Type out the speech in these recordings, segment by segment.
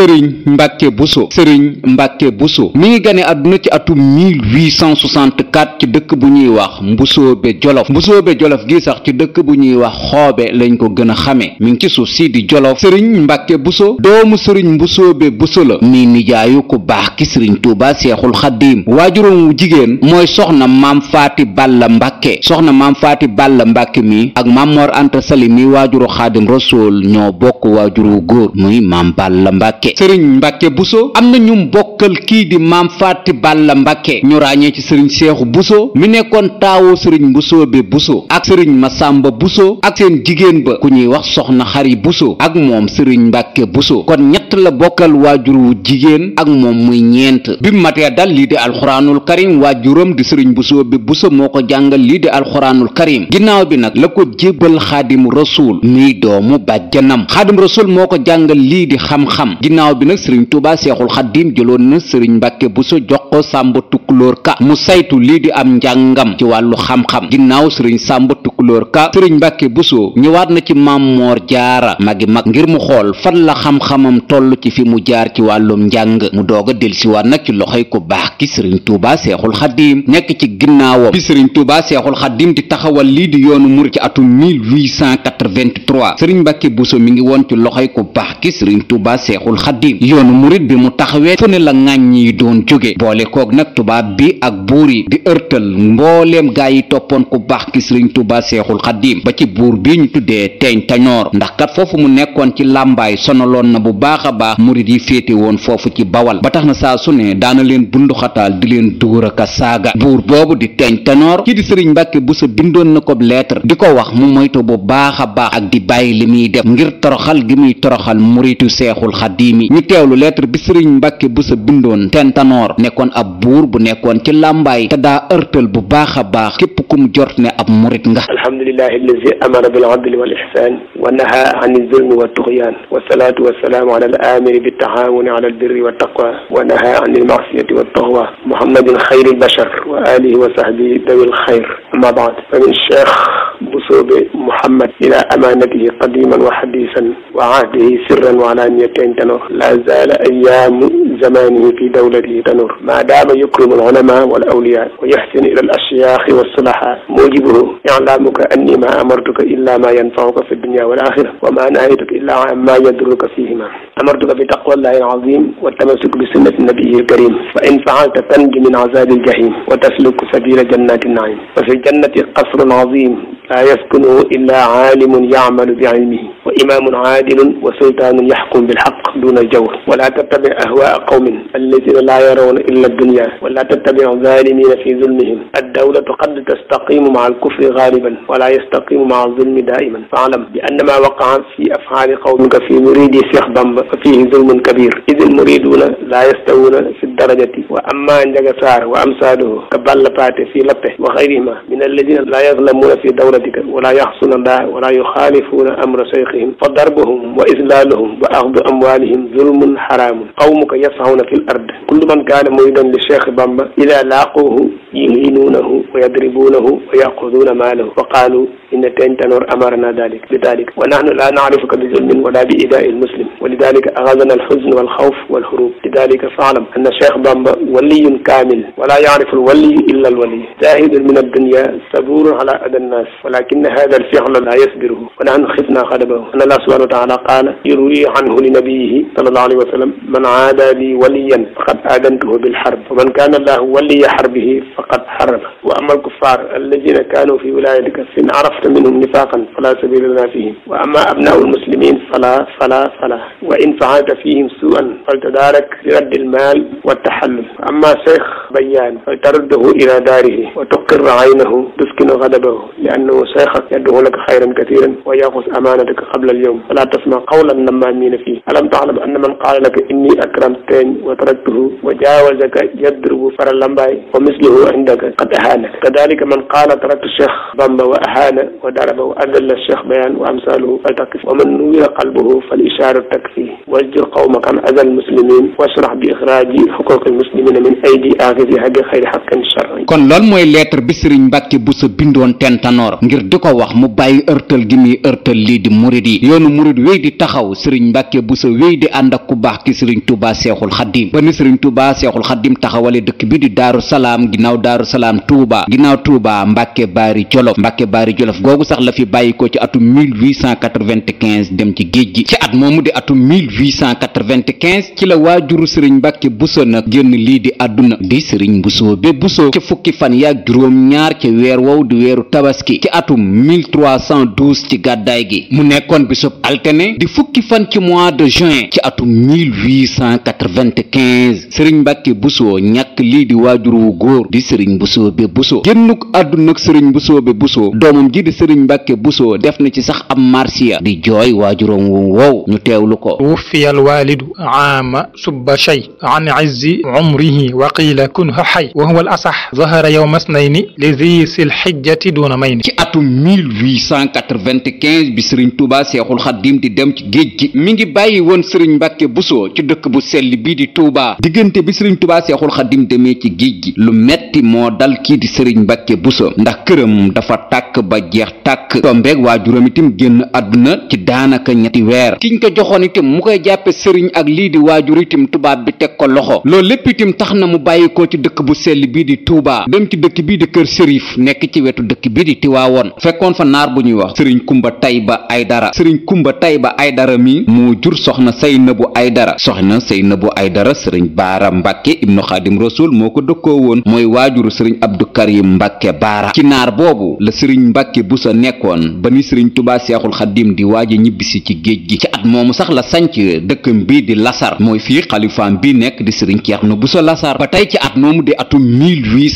sëriñ mbàkke buso sëriñ mbàkke buso mi ngi gane àdduna ci atum 1864 ci dëkk bu ñuy wax mbusoobe jolof mbusoobe jolof gi sax ci dëkk bu ñuy wax xoobe lañ ko gën a xamee mi ngi ci suuf si di jolof sëriñ mbàkke buso doomu sëriñ mbusoobe buso la mi nijaayu ko baax ki sëriñ tuuba seexul xaddiim waajuram wu jigéen mooy soxna maam faati balla mbàkke soxna maam faati balla mbàkke mi ak maam mor anta sali mi waajuru xaadim rasool ñoo bokk waajuru góor muy maam balla mbàkke mbàkke sëriñ mbàkke buso am na ñum bokkal kii di maam bal la mbàkke ñu ràññee ci sëriñ seexu buso mi nekkoon taawu sëriñ buso bi buso ak sëriñ masamba buso ak seen jigéen ba ku ñuy wax soxna xari buso ak moom sëriñ mbàkke buso kon ñett la bokkal waajur wu jigéen ak moom muy ñeent bi matee dal lii di alxuraanul karim waajuram di sëriñ buso bi buso moo ko jàngal lii di alxuraanul karim ginnaaw bi nag la ko jébbal xaadim rasul muy doomu bàjjanam xaadim ginnaaw bi nag sëriñ tuuba seexul xaddiim jëloon na sëriñ mbàkke buso jox ko sàmba tukkulóor ka mu saytu lii di am njàngam ci wàllu xam-xam ginnaaw sëriñ sàmbatu tukkulóor ka sëriñ mbàkke buso ñëwaat na ci màmmoor jaara magi mag ngir mu xool fan la xam-xamam toll ci fi mu jaar ci wàllum njàng mu doog a delsiwaat nag ci loxoy ku baax ki sëriñ tuuba seexul xaddiim nekk ci ginnaawam bi sëriñ tuuba seexul xaddiim di taxawal lii di yoonu murit ci atum 1883 sëriñ mbàkke buso mi ngi woon ci loxoy ku baax ki sëriñ tuuba seexul xaddim yoonu murit bi mu taxawee fu ne la ŋàññ yi doon jóge boole kook nag tubaab bi ak buur yi di ërtal mbooleem gaa yi toppoon ku baax ki sëriñ tubaa seexul xaddim ba ci buur bi ñu tuddee teeñ tañoor ndax kat foofu mu nekkoon ci làmbaay sonaloon na bu baax a baax murit yi féete woon foofu ci bawal ba tax na saa su ne daana leen bunduxataal di leen dóor ak a saaga buur boobu di teeñ tañoor ki di sëriñ mbàkke bu sa bindoon na ko lettre di ko wax mu moytu baax a baax ak di bàyyi li muy def ngir toroxal gi muy toroxal muritu seexul mbay mi ñu teewlu lettre bi sëriñ mbàkke bu sa bindoon ten tanoor nekkoon ab buur bu nekkoon ci làmbaay te daa ërtal bu baax a baax képp ku mu jort ne ab murit nga alhamdulillahi allazi amara bil adli wal ihsan wa naha an zulmi wa tughyan wa salatu wa salamu ala al amiri bit taawun ala al birri wa taqwa wa naha an al ma'siyati wa tahwa muhammadin khayril bashar wa alihi wa sahbihi dawil khayr amma ba'd fa min cheikh Bousobe Mouhammad ila amanatihi qadiman wa hadisan wa ahdihi sirran wa alaniyatan tanur la zala ayaamu zamanihi fi dawlatihi tanur ma daama yukrimu al ulama wal awliya wa yahsinu ila al ashyaaxi wa sulaha mujibuhu i'laamuka anni ma amartuka illa ma yanfauka fi dunya wal axira wa ma nahaytuka illa amma yadurruka fihima amartuka bi taqwallahi al azim wa tamassuki bi sunnati nabiyihi al karim fa in faalta tanju min azabi al jahim wa tasluku sabila jannati naim wa fi jannati qasrun azim laa yaskunuhu illa aalimun ya'malu bi ilmihi wa imamun aadilun wa sultanun yahkum bil haqq yablughuna al-jawr wa laa tattabi' ahwaa'a qawmin alladhiina laa yarawna illa ad-dunya wa laa tattabi' zaalimiina fi zulmihim ad-dawlatu qad tastaqimu ma'a al-kufri ghaaliban wa laa yastaqimu ma'a az-zulmi daa'iman fa'lam bi anna maa waqa'a fi af'aali qawmika fi muriidi Cheikh Bamba fa fiihi zulmun kabiir idh al-muriiduuna laa yastawuuna fi ad-darajati wa ammaa Ndiaga Sarr wa amsaaluhu ka Balla Paate fi Lappe wa ghayrihim min alladhiina laa yazlamuuna fi dawlatika wa laa ya'suuna Allaah wa laa yukhaalifuuna amra shaykhihim fa darbuhum wa izlaaluhum wa akhdhu amwaalihim batilun zulmun xaraamun qawmuka yasawna fi l ard kullu man kaana muridan li cheikh bamba ida laaquuhu yuhinuunahu wa yadribuunahu wa yaxuduuna maalahu wa qaalu inna tentanoor amarna dalik bi dalik wa nahnu laa naarifuka bi zulmin wala bi idaai lmuslim wa lidalika axazana alxuzn walxawf walxurub lidalika faalam anna cheikh bamba waliyun kaamil wala yaarifu lwaliyu illa alwaliy zahidun min addunya saburun ala ada annas walakina hada alfilu laa yasbiruhu wa nahnu xifna xadabahu an allah subhanahu wa taala qaala yurwi anhu li nabiyihi sallallahu alayhi wa sallam man aada li waliyan faqad aadantuhu bil harb wa man kaana allahu waliya harbihi faqad harama wa ama alkuffar alladina kaanu fi wilayatika fa in arafta minhum nifaqan fala sabila lana fihim wa ama abnau almuslimin fala fala fala wa in faalta fihim suan faltadaarak bi raddi almaal waltaxallul wa ama cheikh bayaan faltaruddahu ila daarihi wa tuqir aynahu tuskinu gadabahu li annahu cheikhak yadduhu laka xayran kasiran wa yaxus amaanataka qabla alyawm fala tasma qawla nammaamina fii alam taxlam wa anna man qaala laka inni akramtani wa taraktuhu wa jaawazaka yadrubu fara lambaay wa misluhu indaka qad ahaanaka kadalika man qaala taraktu cheikh bamba wa ahaana wa daraba wa adalla cheikh bayaan wa amsaaluhu faltakif wa man nuwira qalbuhu fal ishaaratu takfi wajur qawmaka an azal muslimin washrah bi ixraaji xuquqi muslimina min aydi aaxifi haqi xayri haqqin shar kon loolu mooy lettre bi sëriñ mbàkke buso bindoon tentanoor ngir di ko wax mu bàyyi ërtal gi muy ërtal lii di murid yi yoonu murid wéy di taxaw sëriñ mbàkke buso wéy di ànd ak ku baax ki sëriñ tubaa seexul xaddim ba ni sëriñ tubaa seexul xaddim taxawale dëkk bi di daaru salaam ginnaaw daaru salaam tuubaa ginnaaw tuubaa mbàkke baari jolof mbàkke baari jolof googu sax la fi bàyyi ko ci atum 1895 dem ci géej gi ci at moomu di atum 1895 ci la waajuru sëriñ mbàkke buso nag génn lii di àdduna di sëriñ busoo be busoo fukki fan yaak juróom-ñaar ci weer wow di weeru tabaski ci atum 1312 ci gàddaay gi mu nekkoon bisub altene di fukki fan ci mois de juin ci atum 1895 sëriñ mbàkke busoo ñàkk lii di waajur wu góor di sëriñ busoo be busoo génnuk àdduna ak sëriñ busoo be busoo doomam ji di sëriñ mbàkke busoo def na ci sax am marsiya di jooy waajuram wu wow ñu teewlu ko wuffiyal waalidu aama subba shay an izzi umrihi asax zahara yow mas nay ni li may ni ci atum bi sëriñ Touba Seexul Xaddim di dem ci géej gi mi ngi bàyyi woon sëriñ Mbàkke Buso ci dëkk bu sell bii di Touba diggante bi sëriñ Touba Seexul Xaddim demee ci géej gi lu metti moo dal kii di sëriñ Mbàkke Buso ndax këram dafa tàkk ba jeex tàkk tombeeg waajuram itam génn àdduna ci daanaka ñetti weer kiñ ko joxoon itam mu koy jàppe sëriñ ak lii di waajur itam tubaab bi teg ko loxo loolu lépp tax na mu bàyyi ko Touba dem ci dëkk bi di kër Sërif nekk ci wetu dëkk bi di Tiwaawoon fekkoon fa naar bu ñuy wax sëriñ Kumba Tayba Aydara sëriñ Kumba Tayba Aydara mi moo jur soxna Saynabu Aydara soxna Saynabu Aydara sëriñ Baara Mbàkke ibnu Xaadim Rasuul moo ko dëkkoo woon mooy waajuru sëriñ Abdu Karim Mbàkke Baara ci naar boobu la sëriñ Mbàkke bu sa nekkoon ba ni sëriñ tubaa Seexul Xaadim di waaja ñibbisi ci géej gi ci at moomu sax la sanc dëkkam bii di Lasar mooy fii xalifaam bi nekk di sëriñ Ceerno bu sa Lasar ba tey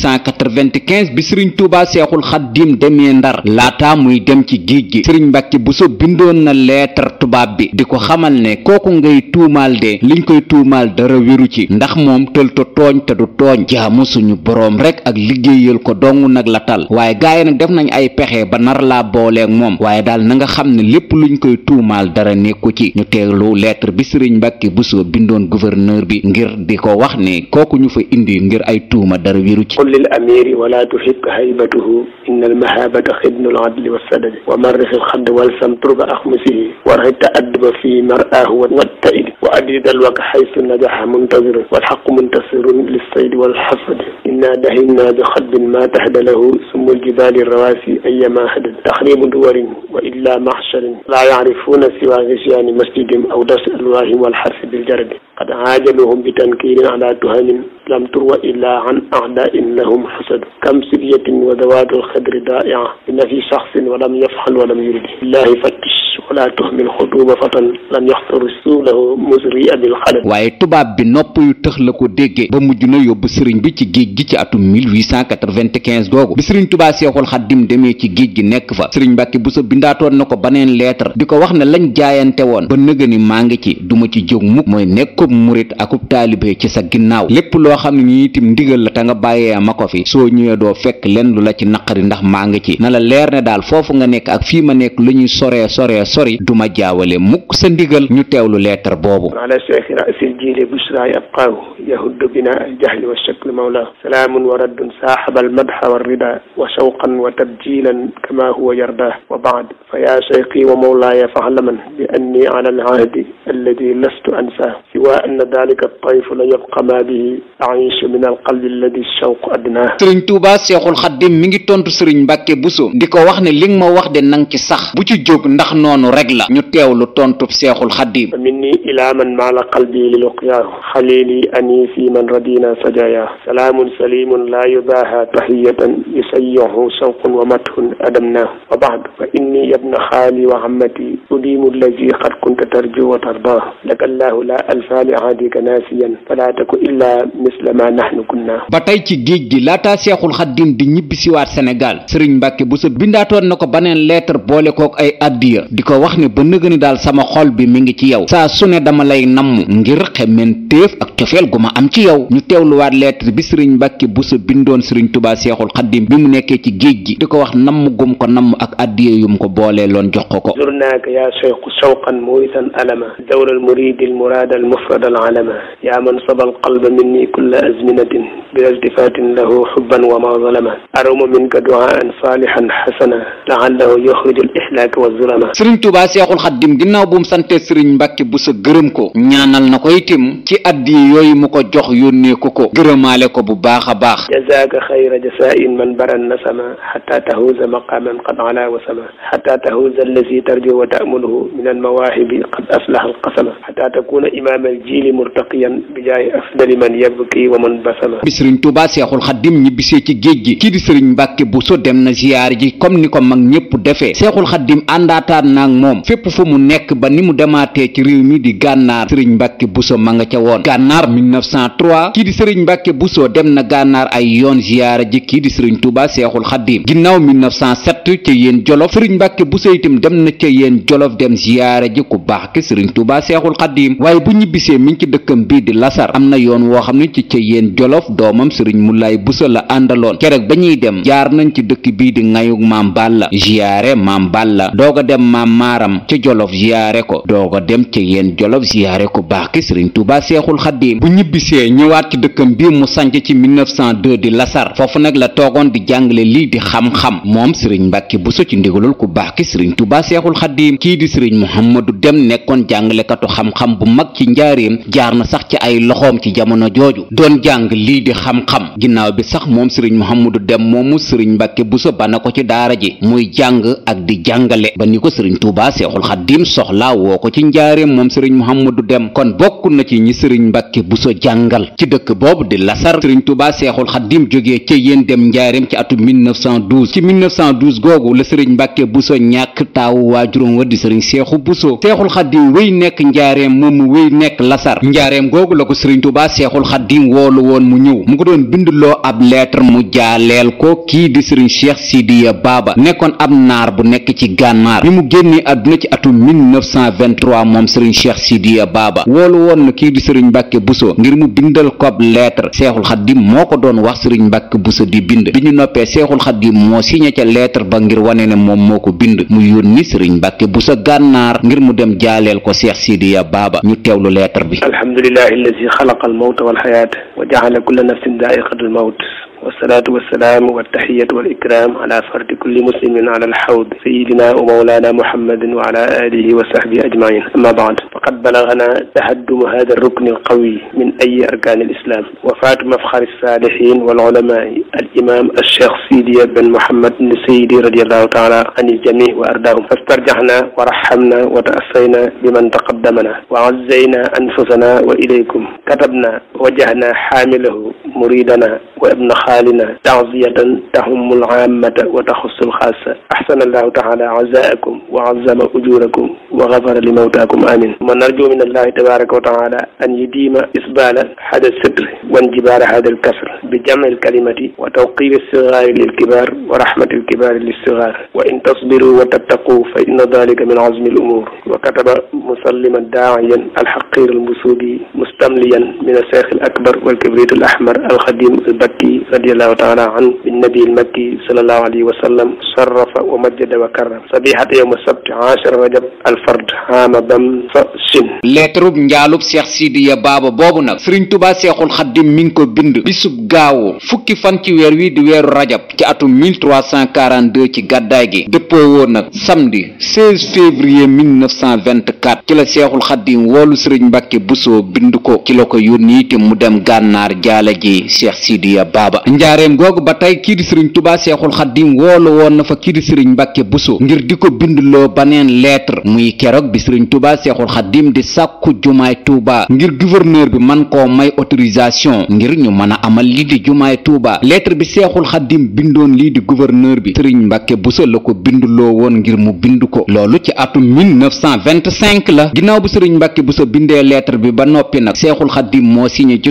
1895 bi sëriñ tuubaa seexul xaddiim demee ndar laata muy dem ci géej gi sëriñ bu buso bindoon na leetar tubaab bi di ko xamal ne kooku ngay tuumaal de liñ koy tuumaal dara wéru ci ndax moom tël tooñ te du tooñ jaamu suñu boroom rekk ak liggéeyal ko donn nag la tal waaye gaay nag def nañ ay pexe ba nar laa booleek moom waaye daal na nga xam ne lépp luñ koy tuumaal dara nekku ci ñu teeglu lettre bi sëriñ bu buso bindoon gouverneur bi ngir di ko lil amiri wala tuhib haybatuhu inna almahabata xidnul adli wassadadi wa marrixil xadd walsam turba axmusihi warxit taadduba fi maraahu wattaidi wa adidal wak xaysu najaxa muntasir walxaqu muntasirun lissaydi walxasadi inna dahinna bi xadbin ma tahda lahu sumul jibaali rawaasi ayama hadad taxribu duwarin wa illa maxsharin laa yacrifuuna siwa gisyaani masjidin aw das alwaahim walxarsi biljaradi qad aajaluhum bi tankirin ala tuhamin lam turwa illa an a'da'in lahum hasad kam sibyatin wa dawatul xadri da'i'a bi nafi shaxsin wa lam yafxal wa lam yurid illahi fattish wala tuhmil xutuuba fatan lam yaxtaru waaye tubaab bi nopp yu tëx la ko déggee ba mujj na yóbbu sëriñ bi ci géej gi ci atum 1895 googu bi sëriñ tubaa seexul xaddim demee ci géej gi nekk fa sëriñ mbàkke bu sa bindaatoon na ko baneen lettre di ko wax ne lañ jaayante woon ba nëgëni maa ngi ci duma ci jóg mukk mooy nekkub murit akub taalibe ci sa ginnaaw lépp loo loo xam ne nii itam ndigal la te nga bàyyee ma ko fi soo ñëwee doo fekk lenn lu la ci naqari ndax maa ngi ci na la leer ne daal foofu nga nekk ak fii ma nekk lu ñuy soree soree sori du ma jaawale mukk sa ndigal ñu teewlu leetar boobu ala cheikhina asil jiile bushra yabqaahu yahuddu bina aljahli wa shakl mawla salaamun wa raddun saaxaba almadha wa rida wa shawqan wa tabjilan kama huwa yarda wa baad fa yaa cheikhi wa mawlaaya faalaman bi anni ala alahdi alladi lastu ansa siwa anna dalika altayfu la yabqa ma bihi aish min al qalbi alladi shawq adna sëriñ tuuba seexul xaddim mi ngi tontu sëriñ mbàkke buso di ko wax ne li nga ma wax de nang ci sax bu ci jóg ndax noonu rek la ñu teewlu tontub seexul xaddim minni ila man maala qalbi li luqyaahu xalili anisi man radina sajaya salaamun salimun laa yubaaha tahiyatan yusayihu shawqun wa mathun adamnaahu wa baad fa inni yabna xaali wa ammati udimu allazi qad kunta tarju wa tarda laka allahu la alfa li ahadika naasiyan fala taku illa mis misla ma nahnu kunna ba tey ci géej gi laataa seexul xaddim di ñibbi siwaat Sénégal sëriñ Mbàkke Buso bindaatoon na ko baneen lettre boole kook ay addiya di ko wax ne ba nëgëni daal sama xol bi mu ngi ci yow saa su ne dama lay namm ngir xemeen téef ak cofeel gu ma am ci yow ñu teewluwaat lettre bi sëriñ Mbàkke sa bindoon sëriñ tubaat seexul xaddim bi mu nekkee ci géej gi di ko wax namm gum ko namm ak addiya yum ko boole loon jox ko ko zurnaaka yaa yaa man sabal كل أزمنة بالالتفات له حبا وما ظلما أروم منك دعاء صالحا حسنا لعله يخرج الإهلاك والظلما Sëriñ Tuubaa Seexul Xaddim ginnaaw bu mu sante Sëriñ Mbàkke Buso gërëm ko ñaanal na ko itam ci addiya yooyu mu ko jox yónnee ko ko gërëmaale ko bu baax a baax jazaaka xayra jasaain man baran nasama xataa tahuuza maqaaman qad alaa wa sama xataa tahuuza allazi tarju wa ta'muluhu min almawaahibi qad aflaha alqasama xataa takuna imaam aljiili murtaqiyan bijaahi afdali man yabki yi wa man basala bi sëriñ Tuubaa Seexul Xaddim ñibbisee ci géej gi kii di sëriñ Mbàkke Buso dem na ziyaar ji comme ni ko mag ñépp defee Seexul Xaddim àndaataan naag moom fépp fu mu nekk ba ni mu demaatee ci réew mi di gànnaar sëriñ Mbàkke Buso ma nga ca woon gànnaar 1903 kii di sëriñ Mbàkke Buso dem na gànnaar ay yoon ziyaara ji kii di sëriñ Tuubaa Seexul Xaddim ginnaaw 1907 ca yéen Jolof sëriñ Mbàkke Buso itam dem na ca yéen Jolof dem ziyaara ji ku baax ki sëriñ Tuubaa Seexul bu ñibbisee mi ngi ci dëkkam bii di Lasar am na yoon woo xam ca yéen jolof doomam sëriñ Moulay Bousso la àndaloon keroog ba ñuy dem jaar nañ ci dëkk bii di ŋayug maam Balla ziyaare maam Balla doog a maam maaram ca jolof ziyaare ko doog a dem ca yéen jolof ziyaare ko baax ki sëriñ Tuubaa Seexul Xadiim bu ñibbisee ñëwaat dëkkam bii mu sanc ci 1902 di Lasar foofu nag la toogoon di jàngale lii di xam-xam moom sëriñ Mbàkke Bousso ci ndigalul ku baax ki sëriñ Tuubaa Seexul Xadiim kii di sëriñ Muhammadu Dem nekkoon jàngalekatu xam-xam bu mag ci njaareem jaar na sax ci ay loxoom ci jamono jooju doon jàng lii di xam-xam ginnaaw bi sax moom sëriñ mu Mouhamadou Dem moom mu sëriñ Mbàkke Buso ba na ko ci daara ji muy jàng ak di jàngale ba ni ko sëriñ Tuubaa Seexul Xaddiim soxlaa woo ko ci njaareem moom sëriñ Mouhamadou Dem kon bokk na ci ñi sëriñ Mbàkke Buso jàngal ci dëkk boobu di Lasar sëriñ Tuubaa Seexul Xaddiim jógee ca yéen dem njaareem ci atu 1912 ci 1912 googu la sëriñ Mbàkke Buso ñàkk taawu waajuram wa di sëriñ Seexu Buso Seexul Xaddiim wéy nekk njaareem moom nekk Lasar njaareem googu la ko sëriñ Tuubaa Seexul Xaadim woolu woon mu ñëw mu ko doon binduloo ab lettre mu jaaleel ko kii di sëriñ Cheikh Sidiya baaba nekkoon ab naar bu nekk ci gànnaar bi mu génnee àdduna ci atum 1923 moom sëriñ Cheikh Sidiya baaba woolu woon na kii di sëriñ Mbàkke Buso ngir mu bindal ko ab lettre Seexul Xaadim moo ko doon wax sëriñ Mbàkke Buso di bind bi ñu noppee Seexul Xaadim moo signé ca lettre ba ngir wane ne moom moo ko bind mu yónni sëriñ Mbàkke bu sa gànnaar ngir mu dem jaaleel ko Cheikh Sidiya Baba ñu teewlu lettre bi xayaat wa jaxala kulla nafsin daa'iqatul mawt والصلاة والسلام والتحية والإكرام على فرد كل مسلم على الحوض سيدنا ومولانا محمد وعلى آله وصحبه أجمعين أما بعد فقد بلغنا تهدم هذا الركن القوي من أي أركان الإسلام وفاة مفخر الصالحين والعلماء الإمام الشيخ سيدي بن محمد بن سيدي رضي الله تعالى عن الجميع وأرداهم فاسترجعنا ورحمنا وتأسينا بمن تقدمنا وعزينا أنفسنا وإليكم كتبنا وجهنا حامله مريدنا wa ibn xaalina taxziyatan taxumul aamata wa taxussul xaasa ahsanallahu taala azaakum wa azama ujurakum wa gafara li mawtaakum amin wa narju min allahi tabaraka wa taala an yudiima isbaala hada sitr wan jibaara hada alkasr bi jami alkalimati wa tawqiiri alsigaari lilkibaar wa rahmati alkibaari lilsigaar wa in tasbiru wa tattaqu fa inna dalika min azmi alumuur wa kataba musalliman daa'iyan alxaqiir almusuubi mustamliyan min alseex alakbar walkibrit alahmar alxadim makki radiallahu taala anhu bin nabi makki sallallahu alayhi wa sallam haama bam fa sin lettrub njaalub seex sidiya baaba boobu nag sëriñ tubaa seexul xaddim mi ngi ko bind bisub gaawu fukki fan ci weer wi di weeru rajab ci atum 1342 ci gàddaay gi dëppoo woon nag samedi 16 février 1924 ci la seexul xaddim woolu sëriñ mbàkke busoo bind ko ci la ko yónni itam mu dem gànnaar jaale ji seex sidiya Roqiya Baaba njaareem googu ba tey kii di sëriñ tubaa seexul xaddim woolu woon na fa kii di sëriñ mbàkke buso ngir di ko bindloo baneen lettre muy keroog bi sëriñ tubaa seexul xaddim di sàkku jumaay tuubaa ngir gouverneur bi man koo may autorisation ngir ñu mën a amal lii di jumaay tuubaa lettre bi seexul xaddim bindoon lii di gouverneur bi sëriñ mbàkke buso la ko bindloo woon ngir mu bind ko loolu ci atum 1925 la ginnaaw bu sëriñ mbàkke buso bindee lettre bi ba noppi nag seexul xaddim moo signé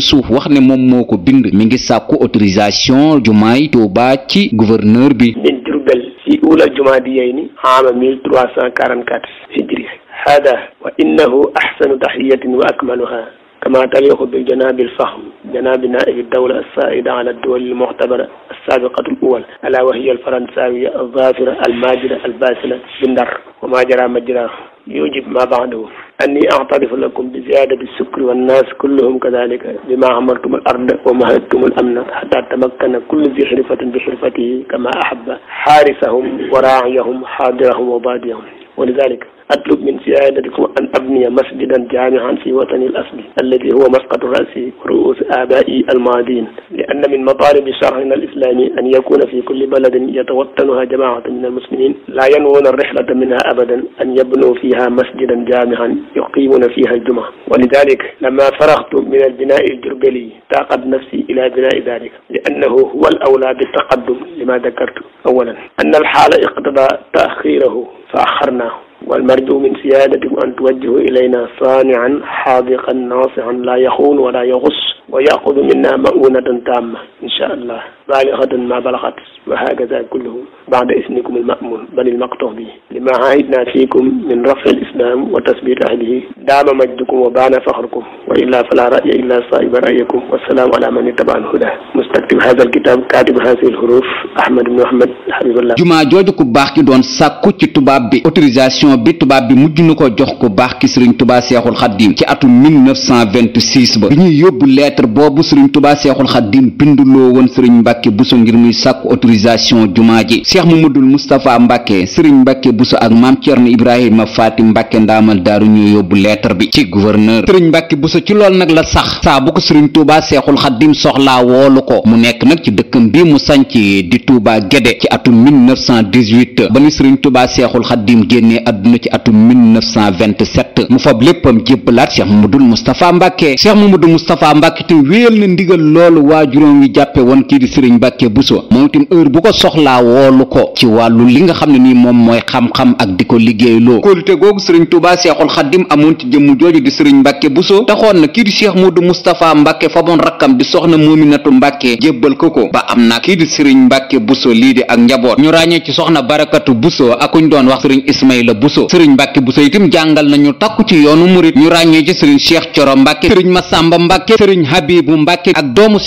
sàkku autorisation jumaay Tuuba ci gouverneur bi min Jurbel si ula jumaa di yey ni ama mille trois cent quarante quatre hijri hada wa innahu ahsanu tahiyatin wa akmaluha kama taliqu bi janaabi al-fahm janaabi naa'ibi ad-dawla as-saa'ida ala ad-duwal al-mu'tabara as-saabiqati al-uwal alaa wa hiya al-faransaawiyya az-zaafira al-maajida al-baasila bi Ndar wa maa jaraa majraa يوجب ما بعده أني أعترف لكم بزيادة الشكر والناس كلهم كذلك بما عملتم الأرض ومهدتم الأمن حتى تمكن كل ذي حرفة بحرفته كما أحب حارسهم وراعيهم حاضرهم وباديهم ولذلك atlub min siyaadatikum an abniya masjidan jaamian fi watani al asli alladi huwa masqatu rasi wa ruusi abaai almaadin li anna min mataalibi shar'ina al islami an yakuna fi kulli baladin yatawattanuha jamaatun min almuslimin laa yanwuna arrihlata minha abadan an yabnuu fiha masjidan jaamian yuqiimuna fiha aljuma wa lidalik lama faraghtu min albinai aljurbiliyi taaqat nafsi ila binai dalika li annahu huwa al awlaa bitaqaddum lima dakartu awalan anna alxaala iqtada taaxirahu fa axarnaahu والمرجو من سيادتكم أن توجهوا إلينا صانعا حاذقا ناصعا لا يخون ولا يغص ويأخذ منا مؤونة تامة إن شاء الله baaligatun ma balaxat wa hakaza kulluhu ba'da isnikum al-ma'mun bal al-maqtu' lima ahidna fikum min raf'i al-islam wa tasbit ahlihi daama majdukum wa baana faxrukum wa illa fala ra'ya illa sa'iba ra'yakum wa salaamu ala man ittaba al-huda mustaktib hadha al-kitab katib hadhihi al-huruf ahmad ibn ahmad habibullah jumaa jooju ku baax ki doon sàkku ci tubaab bi autorisation bi tubaab bi mujj na ko jox ku baax ki sëriñ tubaa seexul xaddiim ci atum bi ñuy yóbbu lettre boobu sëriñ Mbàkke Buso ngir muy sàkku autorisation jumaa ji Cheikh Mamadul Moustapha Mbàkke Sëriñ Mbàkke Buso ak Maam Cerno Ibrahima Faati Mbàkke ndaamal daaru ñoo yóbbu lettre bi ci ci lool nag la sax saa bu ko Sëriñ Tuubaa Seexul Xaddim soxlaa woolu ko mu nekk nag ci dëkkam bi mu sanc di Tuubaa Gédé ci atum 1918 ba ni Sëriñ Tuubaa Seexul Xaddim génnee àdduna ci atum 1927 mu fab léppam jébbalaat Cheikh Mamadul Moustapha Mbàkke Cheikh Mamadul Moustapha Mbàkke te wéyal na ndigal loolu waajuróom wi jàppe woon kii di sëriñ moom itam heure bu ko soxlaa woolu ko ci wàllu li nga xam ne nii moom mooy xam-xam ak di ko liggéeyloo kóolute googu sëriñ Tuubaa Seexul Xaddim amoon ci jëmm jooju di sëriñ Mbàkke Buso taxoon na kii di Cheikh Modou Moustapha Mbàkke faboon rakkam di soxna Moominatu Mbàkke jébbal ko ko ba am na kii di sëriñ Mbàkke Buso lii di ak njaboot ñu ràññee ci soxna Barakatu Buso akuñ doon wax sëriñ Ismaïla Buso sëriñ Mbàkke Buso itam jàngal nañu takku ci yoonu murit ñu ràññee ci sëriñ Cheikh Coro Mbàkke sëriñ Masamba Mbàkke sëriñ Habibu Mbàkke ak doomu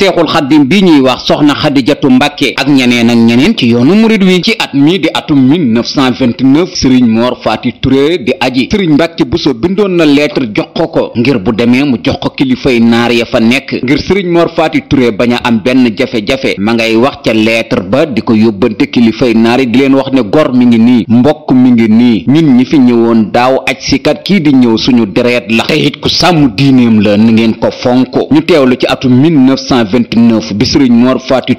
xadijatu mbàkke ak ñeneen ak ñeneen ci yoonu murit wi ci at mi di atum 1929 sëriñ moor faati turé di aji sëriñ bu buso bindoon na lettre jox ko ko ngir bu demee mu jox ko kilifay naar ya fa nekk ngir sëriñ moor faati turé bañ am benn jafe-jafe ma ngay wax ca lettre ba di ko yóbbante kilifay naar yi di leen wax ne gor mi ngi nii mbokk mi ngi nii ñun ñi fi ñëwoon daaw aj sikat kii di ñëw suñu dereet la te ku sàmm diineem la na ko fonk ñu teewlu ci atum 1929 bi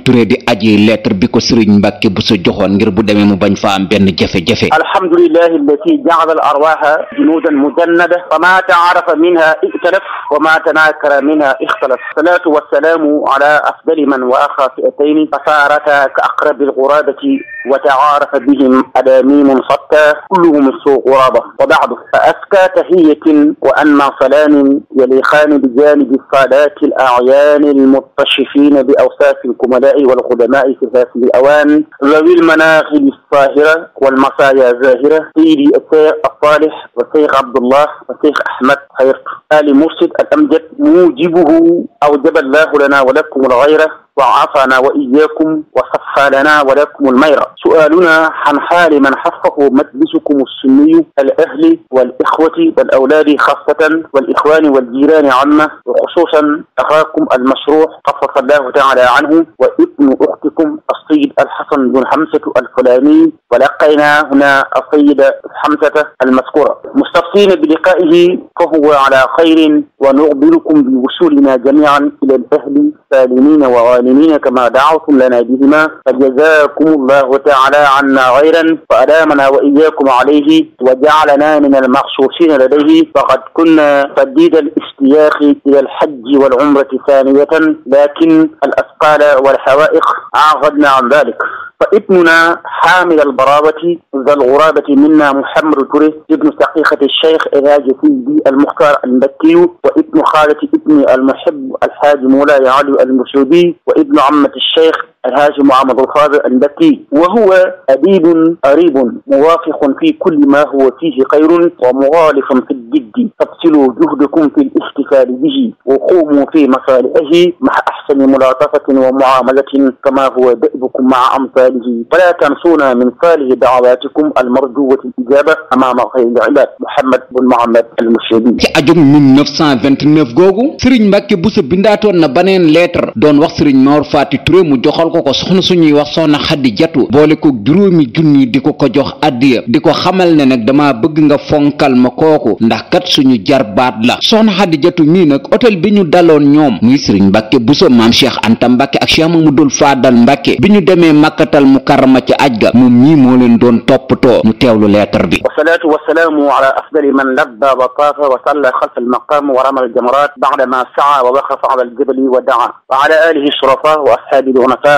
Touré di aji lettre bi ko Serigne Mbacke bu sa joxoon ngir bu demee mu bañ fa am benn jafe-jafe alhamdulillahi allati ja'ala al arwaha junudan mujannada fa ma ta'arafa minha iktalaf wa ma tanakara minha ixtalaf salaatu wassalaamu ala afdali man wa axa fi'atayni fasaarata ka aqrabi al ghurabati wa ta'arafa bihim adamimun satta kulluhum suuq ghuraba wa ba'du fa aska tahiyatin wa anna salaamin yaliqaani bijanibi saadaati al a'yaan al muttashifiina bi awsaaf al kumal الأدباء والقدماء في هذه الأوان ذوي المناقب الطاهرة والمصايا الزاهرة سيدي الشيخ الصالح والشيخ عبد الله والشيخ أحمد خير آل مرشد الأمجد موجبه أوجب الله لنا ولكم الغيرة وعافانا وإياكم وصفى لنا ولكم الميرة سؤالنا عن حال من حفه مجلسكم السني الأهل والإخوة والأولاد خاصة والإخوان والجيران عامة وخصوصا أخاكم المشروح خفف الله تعالى عنه وابن أختكم السيد الحسن بن حمزة الفلاني ولقينا هنا السيد حمزة المذكورة مستفسين بلقائه فهو على خير ونخبركم بوصولنا جميعا إلى الأهل سالمين وغالبين المؤمنين كما دعوتم لنا بهما فجزاكم الله تعالى عنا غيرا وأدامنا وإياكم عليه وجعلنا من المخصوصين لديه فقد كنا تديد الاشتياق إلى الحج والعمرة ثانية لكن الأثقال والحوائق عاقدنا عن ذلك فابننا حامل البرابة ذا الغرابة منا محمد توري ابن شقيقة الشيخ إلهاج سيدي المختار المبكي وابن خالة ابني المحب الحاج مولاي علي المسعودي وابن عمة الشيخ الحاج محمد الخاضر المكي وهو أديب قريب موافق في كل ما هو فيه خير ومغالف في الجد فابذلوا جهدكم في الاحتفال به وقوموا في مصالحه مع أحسن ملاطفة ومعاملة كما هو دأبكم مع أمثاله ولا تنسونا من صالح دعواتكم المرجوة الإجابة أمام خير العباد محمد بن محمد المشهدي ci atum 1929 googu Serigne Mbacke Bousso bindaatoon na beneen lettre doon wax Serigne Mor Faty Touré mu joxal ko ko ko soxna suñuy wax soxna xaddi jatu boole ko juróomi junni di ko ko jox addiya di ko xamal ne nag dama bëgg nga fonkal ma kooku ndax kat suñu jarbaat la soxna xaddi jatu mii nag hôtel bi ñu daloon ñoom muy sëriñ bu buso maam cheikh anta mbàkke ak cheikh mamadul faadal mbàkke bi ñu demee màkkatal mukarrama ci aj ga moom ñii moo leen doon toppatoo ñu teewlu lettre bi wasalaatu wasalaamu ala afdali man wa rama aljamrat baada ma saa wa waqafa ala aljabali wa daa wa ala alihi shurafa wa ashaabi lunata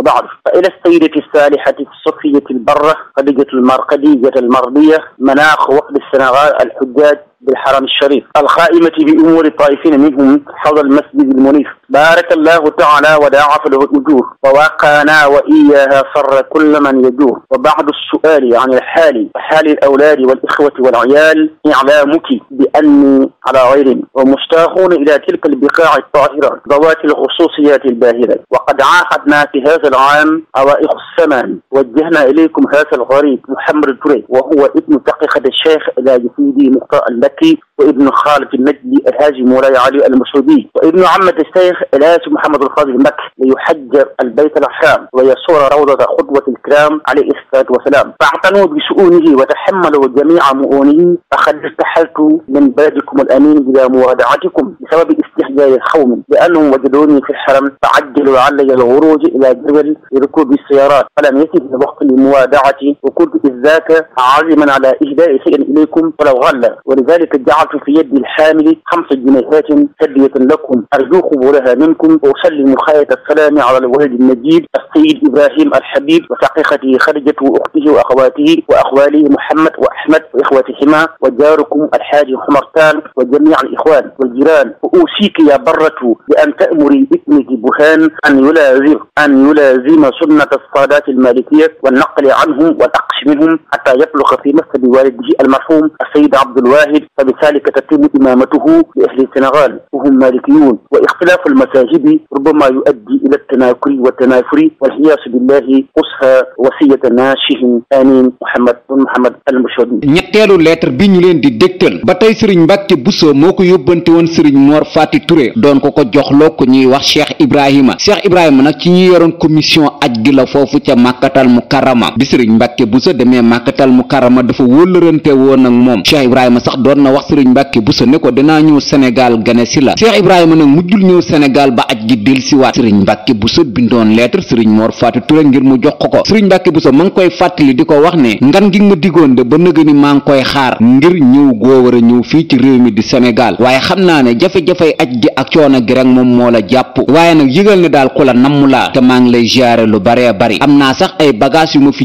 وبعد فإلى السيرة السالحة الصفية البرة خديجة المرقدية المرضية مناخ وفد السنغال الحجاج بالحرم الشريف الخائمة بأمور الطائفين منهم حول المسجد المنيف بارك الله تعالى وداعف الأجور ووقانا وإياها فر كل من يجور وبعد السؤال عن الحال حال الأولاد والإخوة والعيال إعلامك بأني على غير ومشتاقون إلى تلك البقاع الطاهرة ذوات الخصوصيات الباهرة وقد عاهدنا في هذا العام عوائق الثمن وجهنا إليكم هذا الغريب محمد توري وهو ابن دقيقة الشيخ إلى سيدي مختار المكي وابن خالة المجدي الهاشمي مولاي علي المسعودي وابن عمة الشيخ الهاشم محمد القاضي المكي ليحجر البيت الحرام ويسور روضة خطوة الكرام عليه الصلاة والسلام فاعتنوا بشؤونه وتحملوا جميع مؤونه فقد ارتحلت من بلدكم الأمين إلى مودعتكم بسبب استحجاج قوم لأنهم وجدوني في الحرم فعجلوا علي الخروج إلى جبل لركوب السيارات فلم يكن الوقت لموادعتي وكنت إذ ذاك عازما على إهداء شيء إليكم ولو غلة ولذلك جعلت وأوقف يدي الحامل خمس جنيهات هدية لكم أرجو قبولها منكم وأسلم خاية السلام على الولد المجيد السيد إبراهيم الحبيب وشقيقته خرجة وأخته وأخواته وأخواله محمد وأحمد وإخوتهما وجاركم الحاج عمر تال وجميع الإخوان والجيران وأوصيك يا برة بأن تأمري ابنك بوهان أن يلازم أن يلازم سنة السادات المالكية والنقل عنهم والأقل منهم حتى يبلغ في مسند والده المرحوم السيد عبد الواحد فبذلك تتم إمامته لأهل السنغال وهم مالكيون واختلاف المذاهب ربما يؤدي إلى التناكر والتنافر والعياذ بالله قصها وصية ناشهم آمين محمد بن محمد المشهد ñetteelu lettre bi ñu leen di dégtal ba tey sëriñ Mbàkke Bousso moo ko yóbbante woon sëriñ Mor Fati Touré doon ko ko joxloo ko ñuy wax Cheikh Ibrahima Cheikh Ibrahima nag ci ñi yoroon commission aj gi la foofu ca Màkkatal Mukarrama bi sëriñ Mbàkke Bousso busa demee màkkatal mu karama dafa wóllërante woon ak moom cheikh ibrahima sax doon na wax sëriñ mbàkke busa ne ko dinaa ñëw sénégal gane si la cheikh ibrahima nag mujjul ñëw sénégal ba aj gi del si waat sëriñ mbàkke busa bindoon lettre sëriñ mor faatu ture ngir mu jox ko ko sëriñ mbàkke busa ma ngi koy fàttali di ko wax ne ngan gi ma digoon de ba nëga ni maa ngi koy xaar ngir ñëw goo a ñëw fii ci réew mi di sénégal waaye xam naa ne jafe-jafey aj gi ak coono gi rek moom moo la jàpp la namm laa te maa ngi lay jaare lu bare bari am naa sax ay bagage yu ma fi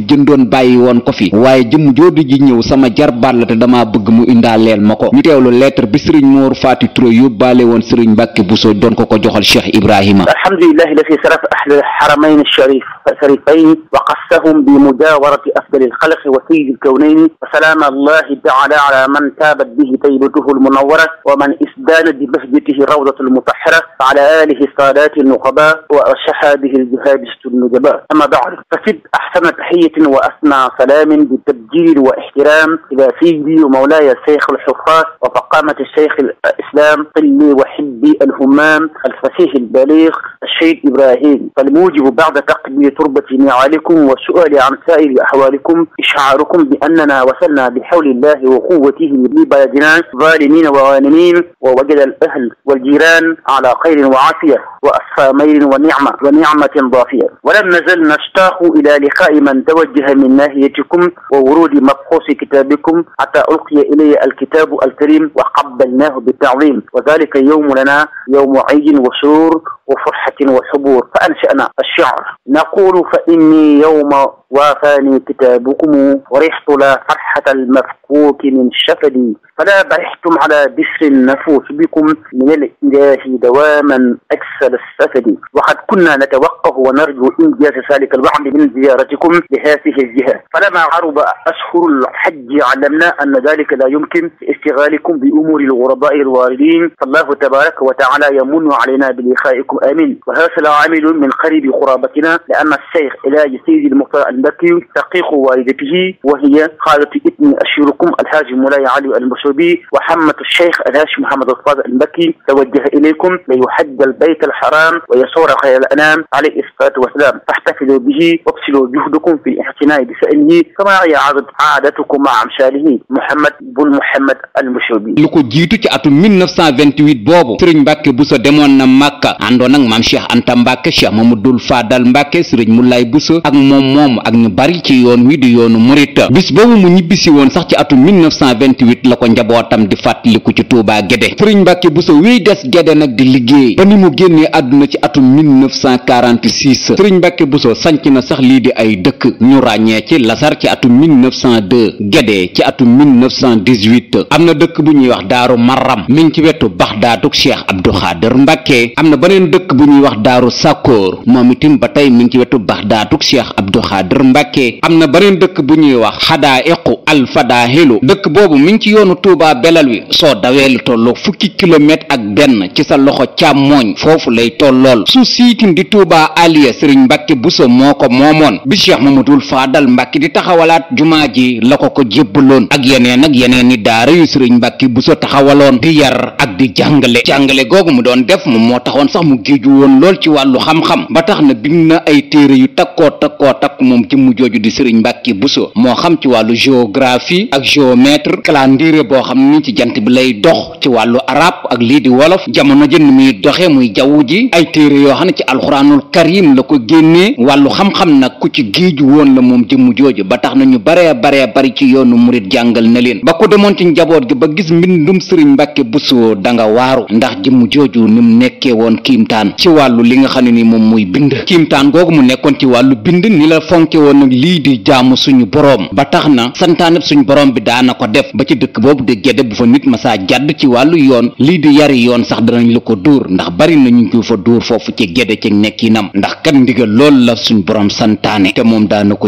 teewaloon ko fi waaye jëmm joodu ji ñëw sama jarbaat la te dama bëgg mu indaaleel ma ko ñu teewlu lettre bi sëriñ Mor Faty Touré yóbbaale woon sëriñ Mbàkke Bousso doon ko ko joxal Cheikh Ibrahima alhamdulillahi lazi sarafa ahli alharamayn sharif sharifayn wa qassahum bi mujawarati afdali alxalqi wa sayyidi alkawnayni wa salaam allahi taala ala man taabat bihi taybatuhu almunawwara wa man isdaana bi bahjatihi rawdatu almutahhara wa ala alihi saadaati alnuqaba wa shaha bihi aljihaadistu alnujaba amma ba'd fasid ahsana tahiyatin wa asna وسلام بالتبجيل واحترام إلى فيدي ومولاي الشيخ الحراس وفقامة الشيخ الإسلام قلي وحبي الهمام الفصيح البليغ الشيخ إبراهيم فالموجب بعد تقديم تربة نعالكم والسؤال عن سائر أحوالكم إشعاركم بأننا وصلنا بحول الله وقوته لبلدنا ظالمين وغانمين ووجد الأهل والجيران على خير وعافية وأصفى ميل ونعمة ونعمة ضافية ولم نزل نشتاق إلى لقاء من توجه من ناحية بحجكم وورود مبحوث كتابكم حتى ألقي إلي الكتاب الكريم وقبلناه بالتعظيم وذلك يوم لنا يوم عيد وسرور وفرحة وحبور فأنشأنا الشعر نقول فإني يوم وافاني كتابكم ورحت لا فرحة المفكوك من شفدي فلا برحتم على بشر النفوس بكم من الإله دواما أكسل السفد وقد كنا نتوقف ونرجو إنجاز ذلك الوعد من زيارتكم لهذه الجهة فلا فلما قرب أشهر الحج علمنا أن ذلك لا يمكن استغلالكم بأمور الغرباء الواردين فالله تبارك وتعالى يمن علينا بلقائكم آمين وهذا عامل من قريب قرابتنا لأن الشيخ إلهي سيدي المختار المكي تقيق والدته وهي قالت إثني أشيركم الحاج مولاي علي المشربي وحمة الشيخ الهاشم محمد الفاضل المكي توجه إليكم ليحج البيت الحرام ويصور خير الأنام عليه الصلاة والسلام فاحتفلوا به وابسلوا جهدكم في اعتناء بشأن yi kama yaadu aadatukum ma amsaalihi Muhammad bun Muhammad al Mushabi lu ko jiitu ci atum 1928 boobu sëriñ Mbàkke Buso demoon na Màkka àndoon ak maam Cheikh Anta Mbàkke Cheikh Mamadul Faadal Mbàkke mu Mulaay Buso ak moom moom ak ñu bari ci yoon wi di yoonu Murita bis boobu mu ñibbisi woon sax ci atum 1928 la ko njabootam di fàttaliku ci Tuubaa Gédé sëriñ Mbàkke Buso wiy des Gédé nag di liggéey ba ni mu génnee àdduna ci atum 1946 sëriñ Mbàkke Buso sanc na sax lii di ay dëkk ñu ràññee Lasar ci atum 1902 Guédé ci atum am na dëkk bu ñuy wax daaru Maram mi ngi ci wetu Baxdaaduk Cheikh Abdou Khader Mbacke am na beneen dëkk bu ñuy wax daaru Sakkoor moom itam ba tey mi ngi ci wetu Baxdaaduk Cheikh Abdou Khader Mbacke am na beneen dëkk bu ñuy wax Xadaa Equ Al Fadaa Helu dëkk boobu mi ngi ci yoonu Touba Belal wi soo dawee lu tolloo fukki kilomètre ak benn ci sa loxo càmmooñ foofu lay tollool su siitin di Touba Aliya Serigne Mbacke Bousso moo ko moomoon di taxawalaat jumaa ji la ko ko jébbaloon ak yeneen ak yeneen i daara yu sëriñ mbàkki buso taxawaloon di yar ak di jàngale jàngale googu mu doon def moom moo taxoon sax mu géeju woon lool ci wàllu xam-xam ba tax na bind na ay téere yu takkoo takkoo takk moom jëmm jooju di sëriñ mbàkki buso moo xam ci wàllu géographie ak géomètre calendrier boo xam ni ci jant bi lay dox ci wàllu arab ak lii di wolof jamono jën muy doxe muy jaww ji ay téere yoo xam ne ci alxuraanul karim la ko génnee wàllu xam-xam nag ku ci géeju woon la moom jëmm jooju jooju ba tax na ñu bare baree bari ci yoonu murit jàngal na leen ba ku demoon ci njaboot gi ba gis mbindum sëriñ mbàkke busoo danga waaru ndax jëmm jooju ni mu nekkee woon kiimtaan ci wàllu li nga xam ne ni moom muy bind kiimtaan googu mu nekkoon ci wàllu bind ni la fonke woon nag lii di jàmm suñu boroom ba tax na santaaneb suñu boroom bi daana ko def ba ci dëkk boobu di gedde bu fa nit ma saa jàdd ci wàllu yoon lii di yari yoon sax danañ la ko duur ndax bari nañu ko fa dóor foofu ci gedde ci nekkinam ndax kat loolu la suñu boroom santaane te moom daana ko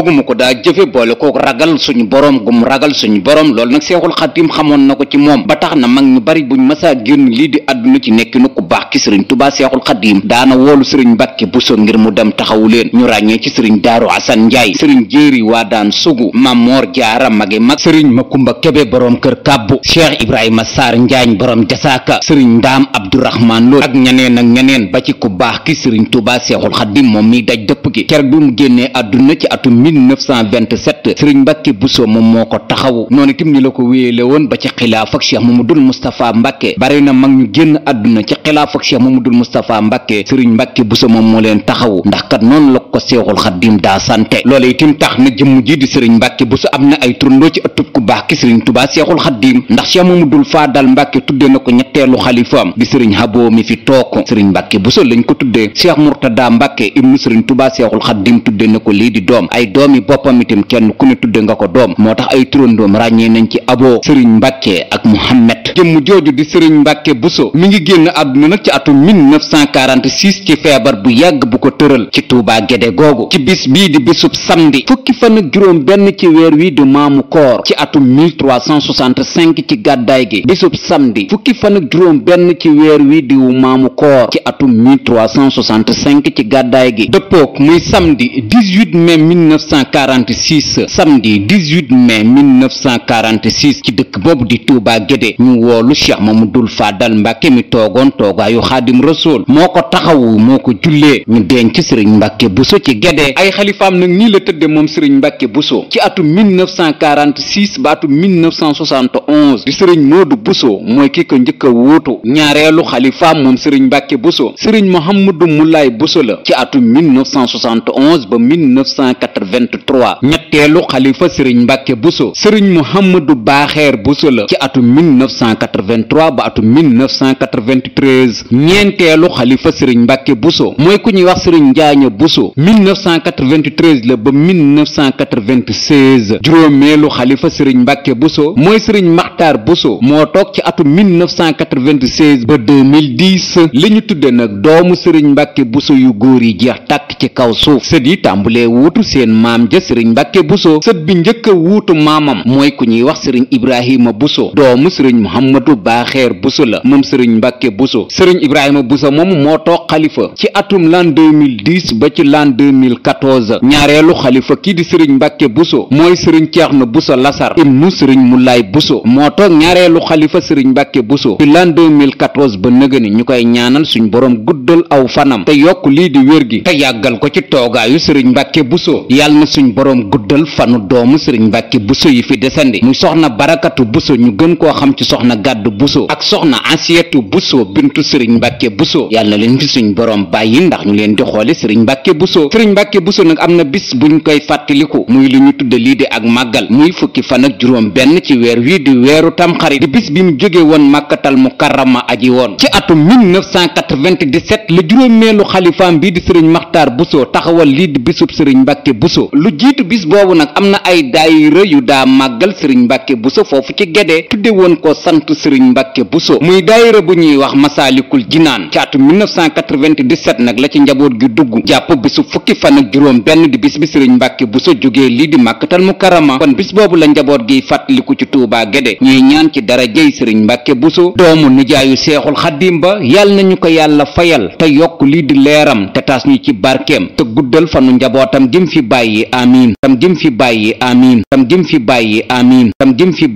googu mu ko daa jëfe boole kook ragal suñu boroom gum ragal suñu boroom loolu nag seexul xadim xamoon na ko ci moom ba tax na mag ñu bari buñ mësaa génn lii di àdduna ci nekkinu ku baax ki sëriñ tubaa seexul xadim daana woolu sëriñ mbàkke buso ngir mu dem taxawu leen ñu ràññee ci sëriñ daaru asan njaay sëriñ jéeri waa daan sugu mamoor jaara magi mag sëriñ makumba kebe boroom kër kàbbu cheikh ibrahima saar njaañ boroom jasaaka sëriñ ndaam abdourahman lool ak ñeneen ak ñeneen ba ci ku baax ki sëriñ tubaa seexul xadim moom mi daj dëpp gi keroog bi mu génnee àdduna ci atum 1927 sëriñ Mbàkke Buso moom moo ko taxawu noonu itam ni la ko wéyale woon ba ci xilaaf ak Cheikh Mamadul Moustapha Mbàkke bari na mag ñu génn àdduna ci xilaaf ak Cheikh Mamadul Moustapha Mbàkke sëriñ Mbàkke Buso moom moo leen taxawu ndax kat noonu la ko Seexul Xaddiim daa sante loola itam tax na jëmm ji di sëriñ Mbàkke Buso am na ay turndoo ci ëttub ku baax ki sëriñ Tubaa Seexul Xaddiim ndax Cheikh Mamadul Faadal Mbàkke tuddee na ko ñetteelu xalifaam di sëriñ Haboo mi fi toog sëriñ Mbàkke Buso lañ ko tuddee Cheikh Murtada doomi boppam itam kenn ku ne tudde nga ko doom moo tax ay turandoom ràññee nañ ci aboo sëriñ mbàkke ak muhammed jëmm jooju di sëriñ mbàkke buso mi ngi génn àdduna nag ci atum 1946 ci feebar bu yàgg bu ko tëral ci tuubaa gede googu ci bis bii di bisub samedi fukki fan ak juróom benn ci weer wi di maamu koor ci atum 1365 ci gàddaay gi bisub samedi fukki fan ak juróom benn ci weer wi di maamu koor ci atum 1365 ci gàddaay gi dëppook muy samedi 18 1946 samedi 18 mai 1946 ci dëkk boobu di Touba Guédé ñu woolu Cheikh Mamadou Fadal Mbàkke mi toogoon toogaayu Xaadim Rasuul moo ko taxawu moo ko jullee ñu denc Sëriñ Mbàkke Buso ci Guédé ay xalifaam nag nii la tëdde moom Sëriñ Mbàkke Buso ci atum 1946 ba atum 1971 di Sëriñ Moodu Buso mooy ki ko njëkk a wuutu ñaareelu xalifaam moom Sëriñ Mbàkke Buso Sëriñ Mohamadou Moulay Buso la ci atum ba 2023 ñetteelu xalifa sëriñ mbàkke buso sëriñ muhammadu baaxeer buso la ci atum 1983 ba atum 1993 ñeenteelu xalifa sëriñ mbàkke buso mooy ku ñuy wax sëriñ njaaña buso 1993 la ba 1996 juróomeelu xalifa sëriñ mbàkke buso mooy sëriñ maxtaar buso moo toog ci atum 1996 ba 2010 li ñu tudde nag doomu sëriñ mbàkke buso yu góor yi jeex tàkk ci kaw suuf sët yi tàmbulee wuutu seen maam ja sëriñ mbàkke buso sët bi njëkk a wuutu maamam mooy ku ñuy wax sëriñ ibrahima buso doomu sëriñ muhammadu baaxeer buso la moom sëriñ mbàkke buso sëriñ ibrahima buso moom moo toog xalifa ci atum lan 2010 ba ci lan 2014 ñaareelu xalifa kii di sëriñ mbàkke buso mooy sëriñ ceerno buso lasar ibnu sëriñ mulaay buso moo toog ñaareelu xalifa sëriñ mbàkke buso ci lan 2014 ba nëgëni ñu koy ñaanal suñ boroom guddal aw fanam te yokk lii di wér gi te yàggal ko ci na suñ boroom guddal fanu doomu sëriñ mbàkke buso yi fi desandi muy soxna barakatu buso ñu gën koo xam ci soxna gàddu buso ak soxna asiyatu buso bintu sëriñ mbàkke buso yàlla na leen fi suñ bàyyi ndax ñu leen di xoole sëriñ mbàkke buso sëriñ mbàkke buso nag am na bis ñu koy fàttaliku muy lu ñu tudde lii di ak màggal muy fukki fan ak juróom benn ci weer wii di weeru tamxarit di bis bi mu jógee woon màkkatal mukarrama aji woon ci atum 1997 la juróomeelu xalifaam bii di sëriñ maxtaar buso taxawal lii di bisub sëriñ mbàkke buso Bousso lu jiitu bis boobu nag am na ay daayira yu daa màggal sëriñ Mbàkke Bousso foofu ci Gédé tudde woon ko sant sëriñ Mbàkke Bousso muy daayira bu ñuy wax Masaalikul Jinaan ci atu 1997 nag la ci njaboot gi dugg jàpp bisu fukki fan ak juróom benn di bis bi sëriñ Mbàkke Bousso jógee lii di màkkatal mu karama kon bis boobu la njaboot giy fàttaliku ci Tuubaa Gédé ñuy ñaan ci dara jëy sëriñ Mbàkke Bousso doomu nijaayu Seexul Xaddiim ba yàlla nañu ko yàlla fayal te yokk lii di leeram te taas ñu ci barkeem te guddal fanu bàyyi amiin tam gim fi bàyyi amiin tam gim fi bàyyi amiin tam gim fi